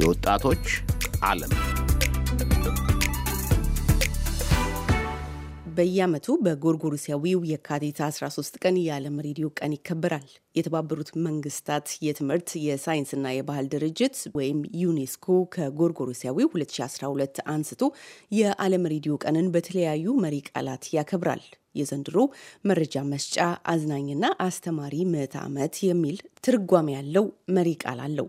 የወጣቶች ዓለም በየዓመቱ በጎርጎሮሳዊው የካቲት 13 ቀን የዓለም ሬዲዮ ቀን ይከበራል። የተባበሩት መንግስታት የትምህርት የሳይንስና የባህል ድርጅት ወይም ዩኔስኮ ከጎርጎሮሳዊው 2012 አንስቶ የዓለም ሬዲዮ ቀንን በተለያዩ መሪ ቃላት ያከብራል። የዘንድሮ መረጃ መስጫ አዝናኝና አስተማሪ ምዕተ ዓመት የሚል ትርጓሜ ያለው መሪ ቃል አለው።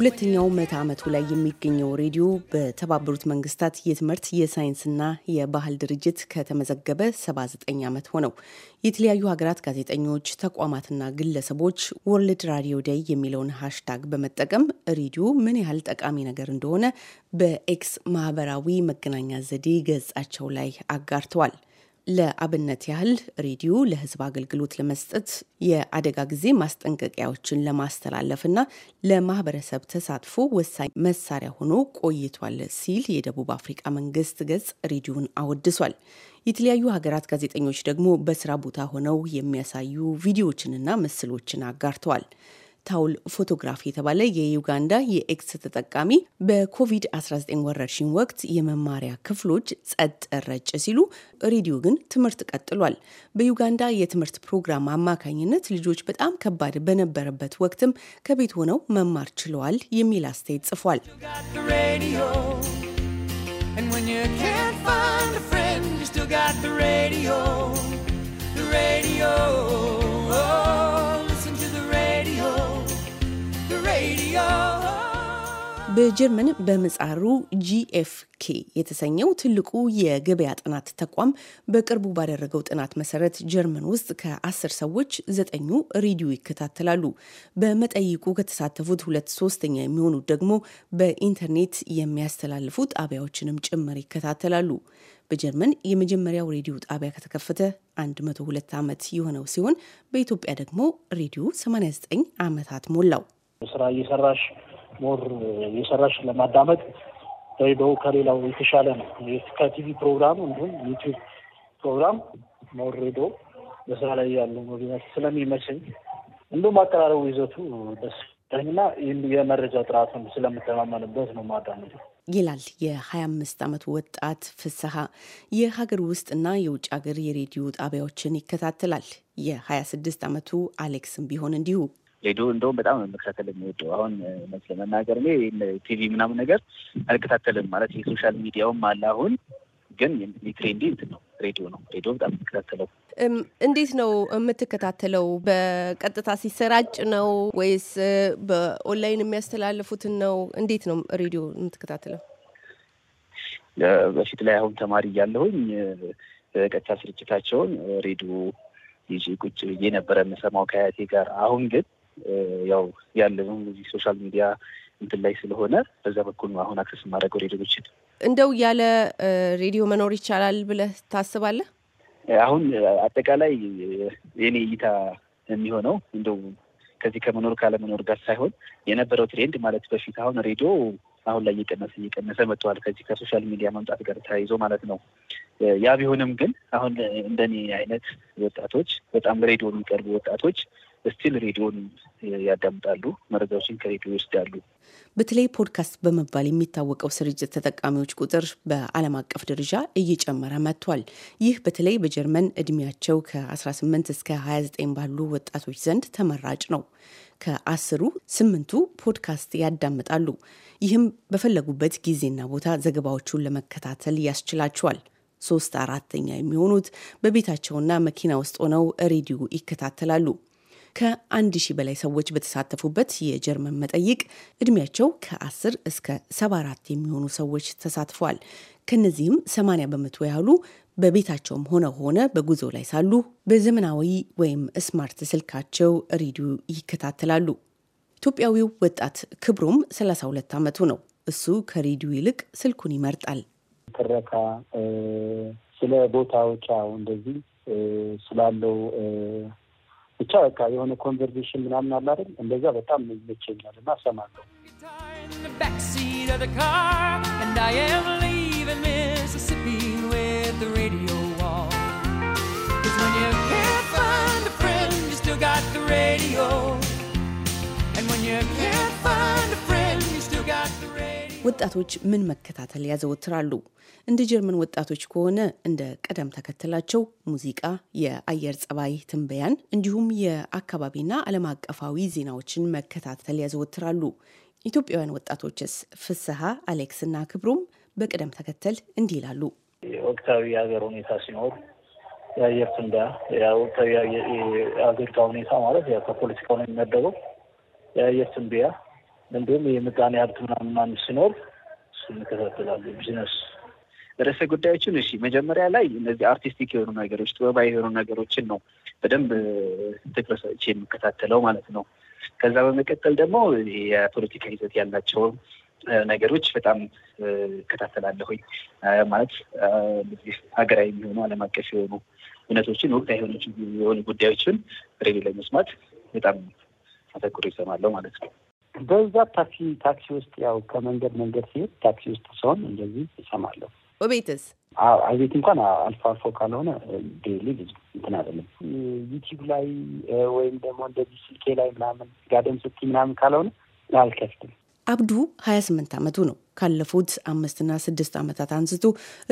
ሁለተኛው ምዕተ ዓመቱ ላይ የሚገኘው ሬዲዮ በተባበሩት መንግስታት የትምህርት የሳይንስና የባህል ድርጅት ከተመዘገበ 79 ዓመት ሆነው የተለያዩ ሀገራት ጋዜጠኞች፣ ተቋማትና ግለሰቦች ወርልድ ራዲዮ ዴይ የሚለውን ሃሽታግ በመጠቀም ሬዲዮ ምን ያህል ጠቃሚ ነገር እንደሆነ በኤክስ ማህበራዊ መገናኛ ዘዴ ገጻቸው ላይ አጋርተዋል። ለአብነት ያህል ሬዲዮ ለህዝብ አገልግሎት ለመስጠት የአደጋ ጊዜ ማስጠንቀቂያዎችን ለማስተላለፍና ለማህበረሰብ ተሳትፎ ወሳኝ መሳሪያ ሆኖ ቆይቷል ሲል የደቡብ አፍሪቃ መንግስት ገጽ ሬዲዮን አወድሷል። የተለያዩ ሀገራት ጋዜጠኞች ደግሞ በስራ ቦታ ሆነው የሚያሳዩ ቪዲዮዎችንና ምስሎችን አጋርተዋል። ታውል ፎቶግራፊ የተባለ የዩጋንዳ የኤክስ ተጠቃሚ በኮቪድ-19 ወረርሽኝ ወቅት የመማሪያ ክፍሎች ጸጥ ረጭ ሲሉ፣ ሬዲዮ ግን ትምህርት ቀጥሏል። በዩጋንዳ የትምህርት ፕሮግራም አማካኝነት ልጆች በጣም ከባድ በነበረበት ወቅትም ከቤት ሆነው መማር ችለዋል የሚል አስተያየት ጽፏል። በጀርመን በምህጻሩ ጂኤፍኬ የተሰኘው ትልቁ የገበያ ጥናት ተቋም በቅርቡ ባደረገው ጥናት መሰረት ጀርመን ውስጥ ከአስር ሰዎች ዘጠኙ ሬዲዮ ይከታተላሉ። በመጠይቁ ከተሳተፉት ሁለት ሶስተኛ የሚሆኑት ደግሞ በኢንተርኔት የሚያስተላልፉ ጣቢያዎችንም ጭምር ይከታተላሉ። በጀርመን የመጀመሪያው ሬዲዮ ጣቢያ ከተከፈተ 102 ዓመት የሆነው ሲሆን በኢትዮጵያ ደግሞ ሬዲዮ 89 ዓመታት ሞላው። ስራ እየሰራሽ ሞር የሰራሽ ለማዳመጥ ሬዲዮው ከሌላው የተሻለ ነው። ከቲቪ ፕሮግራም እንዲሁም ዩቲዩብ ፕሮግራም ሞር ሬዲዮ በስራ ላይ ያሉ ሞቢነት ስለሚመስል እንዲሁም አቀራረቡ ይዘቱ ደስ ይለኛልና የመረጃ ጥራቱን ስለምተማመንበት ነው ማዳመጡ ይላል የ25 ዓመቱ ወጣት ፍስሐ። የሀገር ውስጥና የውጭ ሀገር የሬዲዮ ጣቢያዎችን ይከታተላል። የ26 ዓመቱ አሌክስም ቢሆን እንዲሁ ሬዲዮ እንደውም በጣም መከታተል የሚወደው አሁን እውነት ለመናገር እኔ ቲቪ ምናምን ነገር አልከታተልም። ማለት የሶሻል ሚዲያውም አለ። አሁን ግን ትሬንዲ እንትን ነው ሬዲዮ ነው። ሬዲዮ በጣም የምከታተለው። እንዴት ነው የምትከታተለው? በቀጥታ ሲሰራጭ ነው ወይስ በኦንላይን የሚያስተላልፉትን ነው? እንዴት ነው ሬዲዮ የምትከታተለው? በፊት ላይ አሁን ተማሪ እያለሁኝ ቀጥታ ስርጭታቸውን ሬዲዮ ይዤ ቁጭ ብዬ ነበረ የምሰማው ከአያቴ ጋር። አሁን ግን ያው ያለው እዚህ ሶሻል ሚዲያ እንትን ላይ ስለሆነ በዛ በኩል ነው አሁን አክሰስ የማደርገው ሬዲዮችን። እንደው ያለ ሬዲዮ መኖር ይቻላል ብለህ ታስባለህ? አሁን አጠቃላይ የኔ እይታ የሚሆነው እንደው ከዚህ ከመኖር ካለመኖር ጋር ሳይሆን የነበረው ትሬንድ ማለት በፊት አሁን ሬዲዮ አሁን ላይ እየቀነሰ እየቀነሰ መጥተዋል። ከዚህ ከሶሻል ሚዲያ መምጣት ጋር ተያይዞ ማለት ነው። ያ ቢሆንም ግን አሁን እንደኔ አይነት ወጣቶች በጣም ሬዲዮ የሚቀርቡ ወጣቶች ስቲል ሬዲዮን ያዳምጣሉ፣ መረጃዎችን ከሬዲዮ ይወስዳሉ። በተለይ ፖድካስት በመባል የሚታወቀው ስርጭት ተጠቃሚዎች ቁጥር በዓለም አቀፍ ደረጃ እየጨመረ መጥቷል። ይህ በተለይ በጀርመን እድሜያቸው ከ18 እስከ 29 ባሉ ወጣቶች ዘንድ ተመራጭ ነው። ከአስሩ ስምንቱ ፖድካስት ያዳምጣሉ። ይህም በፈለጉበት ጊዜና ቦታ ዘገባዎቹን ለመከታተል ያስችላቸዋል። ሶስት አራተኛ የሚሆኑት በቤታቸውና መኪና ውስጥ ሆነው ሬዲዮ ይከታተላሉ። ከአንድ ሺህ በላይ ሰዎች በተሳተፉበት የጀርመን መጠይቅ እድሜያቸው ከ10 እስከ 74 የሚሆኑ ሰዎች ተሳትፏል። ከነዚህም 80 በመቶ ያህሉ በቤታቸውም ሆነ ሆነ በጉዞ ላይ ሳሉ በዘመናዊ ወይም ስማርት ስልካቸው ሬዲዮ ይከታተላሉ። ኢትዮጵያዊው ወጣት ክብሩም 32 ዓመቱ ነው። እሱ ከሬዲዮ ይልቅ ስልኩን ይመርጣል። ትረካ ስለ ቦታዎች እንደዚህ ስላለው ብቻ በቃ የሆነ ኮንቨርሴሽን ምናምን አለ አይደል? እንደዛ በጣም ይመቸኛል እና እሰማለሁ። Mississippi ወጣቶች ምን መከታተል ያዘወትራሉ? እንደ ጀርመን ወጣቶች ከሆነ እንደ ቅደም ተከተላቸው ሙዚቃ፣ የአየር ጸባይ ትንበያን እንዲሁም የአካባቢና ዓለም አቀፋዊ ዜናዎችን መከታተል ያዘወትራሉ። ኢትዮጵያውያን ወጣቶችስ አሌክስ አሌክስና ክብሩም በቅደም ተከተል እንዲህ ይላሉ። ወቅታዊ የሀገር ሁኔታ ሲኖር የአየር ትንበያ፣ ወቅታዊ የአገሪቷ ሁኔታ ማለት ከፖለቲካው ነው የሚመደበው የአየር ትንበያ እንዲሁም የምጣኔ ሀብት ምናምን ሲኖር እሱ ይከታተላሉ። ቢዝነስ ርዕሰ ጉዳዮችን እሺ፣ መጀመሪያ ላይ እነዚህ አርቲስቲክ የሆኑ ነገሮች ጥበባዊ የሆኑ ነገሮችን ነው በደንብ ትኩረት የምከታተለው ማለት ነው። ከዛ በመቀጠል ደግሞ የፖለቲካ ይዘት ያላቸው ነገሮች በጣም እከታተላለሁኝ። ማለት ሀገራዊ የሚሆኑ ዓለም አቀፍ የሆኑ እውነቶችን፣ ወቅታዊ የሆኑ ጉዳዮችን ሬዲዮ ላይ መስማት በጣም አተኩሮ ይሰማለሁ ማለት ነው። በዛ ታክሲ ታክሲ ውስጥ ያው ከመንገድ መንገድ ሲሄድ ታክሲ ውስጥ ሲሆን እንደዚህ ይሰማለሁ። እቤትስ ቤት እንኳን አልፎ አልፎ ካልሆነ ዴይሊ ብዙ እንትን አይደለም። ዩቲዩብ ላይ ወይም ደግሞ እንደዚህ ስልኬ ላይ ምናምን ጋደም ስቲ ምናምን ካልሆነ አልከፍትም። አብዱ ሀያ ስምንት ዓመቱ ነው። ካለፉት አምስትና ስድስት ዓመታት አንስቶ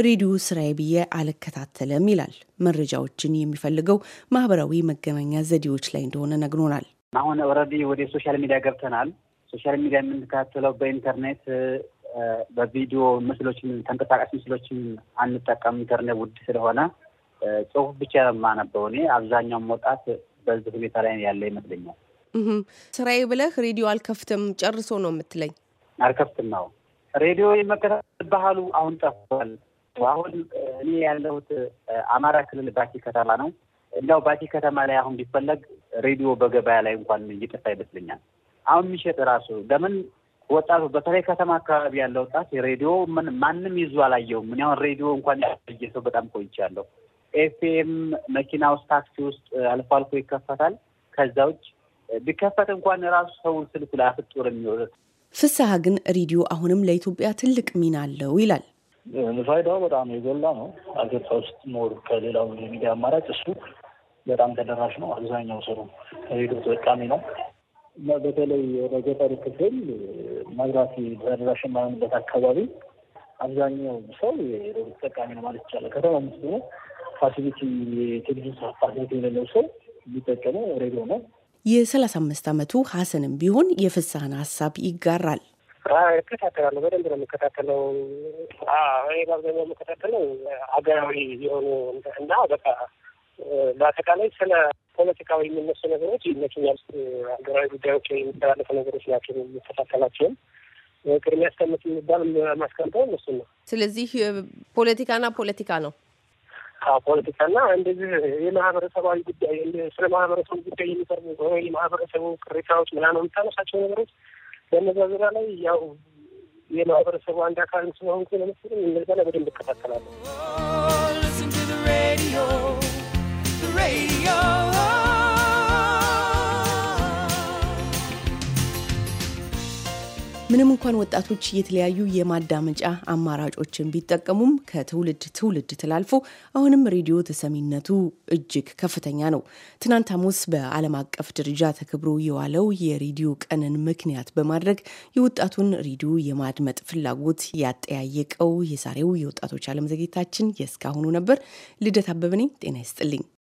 ሬዲዮ ስራዬ ብዬ አልከታተልም ይላል። መረጃዎችን የሚፈልገው ማህበራዊ መገናኛ ዘዴዎች ላይ እንደሆነ ነግሮናል። አሁን ኦልሬዲ ወደ ሶሻል ሚዲያ ገብተናል። ሶሻል ሚዲያ የምንከታተለው በኢንተርኔት በቪዲዮ ምስሎችን፣ ተንቀሳቃሽ ምስሎችን አንጠቀም። ኢንተርኔት ውድ ስለሆነ ጽሁፍ ብቻ የማነበው እኔ። አብዛኛውም ወጣት በዚህ ሁኔታ ላይ ያለ ይመስለኛል። ስራዬ ብለህ ሬዲዮ አልከፍትም ጨርሶ ነው የምትለኝ? አልከፍትም ነው ሬዲዮ የመከታተል ባህሉ አሁን ጠፍቷል። አሁን እኔ ያለሁት አማራ ክልል ባቲ ከተማ ነው። እንዲያው ባቲ ከተማ ላይ አሁን ቢፈለግ ሬዲዮ በገበያ ላይ እንኳን እየጠፋ ይመስለኛል። አሁን የሚሸጥ ራሱ ለምን ወጣቱ በተለይ ከተማ አካባቢ ያለ ወጣት ሬዲዮ ምን ማንም ይዞ አላየውም። ምን ያሁን ሬዲዮ እንኳን ያየ ሰው በጣም ቆይቻለሁ። ኤፍኤም መኪና ውስጥ ታክሲ ውስጥ አልፎ አልፎ ይከፈታል። ከዛ ውጭ ቢከፈት እንኳን ራሱ ሰውን ስልኩ ላይ አፍጡር የሚወርድ ፍስሀ ግን ሬዲዮ አሁንም ለኢትዮጵያ ትልቅ ሚና አለው ይላል። ፋይዳው በጣም የጎላ ነው። አገሪቷ ውስጥ ኖር ከሌላው የሚዲያ አማራጭ እሱ በጣም ተደራሽ ነው። አብዛኛው ሰው ሬዲዮ ተጠቃሚ ነው። በተለይ ወደ ገጠሩ ክፍል መብራት ተደራሽ የማይሆንበት አካባቢ አብዛኛው ሰው የሮቦት ተጠቃሚ ነው ማለት ይቻላል። ከተማ ምስ ደግሞ ፋሲሊቲ የቴሌቪዥን ፋሲሊቲ የሌለው ሰው የሚጠቀመው ሬዲዮ ነው። የሰላሳ አምስት አመቱ ሀሰንም ቢሆን የፍሳህን ሀሳብ ይጋራል። እከታተላለሁ። በደንብ ነው የምከታተለው። ይህ በአብዛኛው የምከታተለው ሀገራዊ የሆኑ እና በቃ በአጠቃላይ ስለ ፖለቲካዊ የሚነሱ ነገሮች ይመችኛል። ሀገራዊ ጉዳዮች ላይ የሚተላለፉ ነገሮች ናቸው የሚከታተላቸውም ቅድሚያ ያስቀምጥ የሚባል ማስቀምጠው እነሱ ነው። ስለዚህ ፖለቲካና ፖለቲካ ነው። ፖለቲካና እንደዚህ የማህበረሰባዊ ጉዳይ ስለ ማህበረሰቡ ጉዳይ የሚቀርቡ የማህበረሰቡ ቅሬታዎች ምናምን የምታነሳቸው ነገሮች በነዛ ዙሪያ ላይ ያው የማህበረሰቡ አንድ አካል ስለሆንኩ ለመሰለኝ እነዛ ላይ በደንብ እከታተላለሁ። oh, ምንም እንኳን ወጣቶች የተለያዩ የማዳመጫ አማራጮችን ቢጠቀሙም ከትውልድ ትውልድ ተላልፎ አሁንም ሬዲዮ ተሰሚነቱ እጅግ ከፍተኛ ነው። ትናንት ሐሙስ በዓለም አቀፍ ደረጃ ተከብሮ የዋለው የሬዲዮ ቀንን ምክንያት በማድረግ የወጣቱን ሬዲዮ የማድመጥ ፍላጎት ያጠያየቀው የዛሬው የወጣቶች ዓለም ዘጌታችን የእስካሁኑ ነበር። ልደት አበበ ነኝ። ጤና ይስጥልኝ።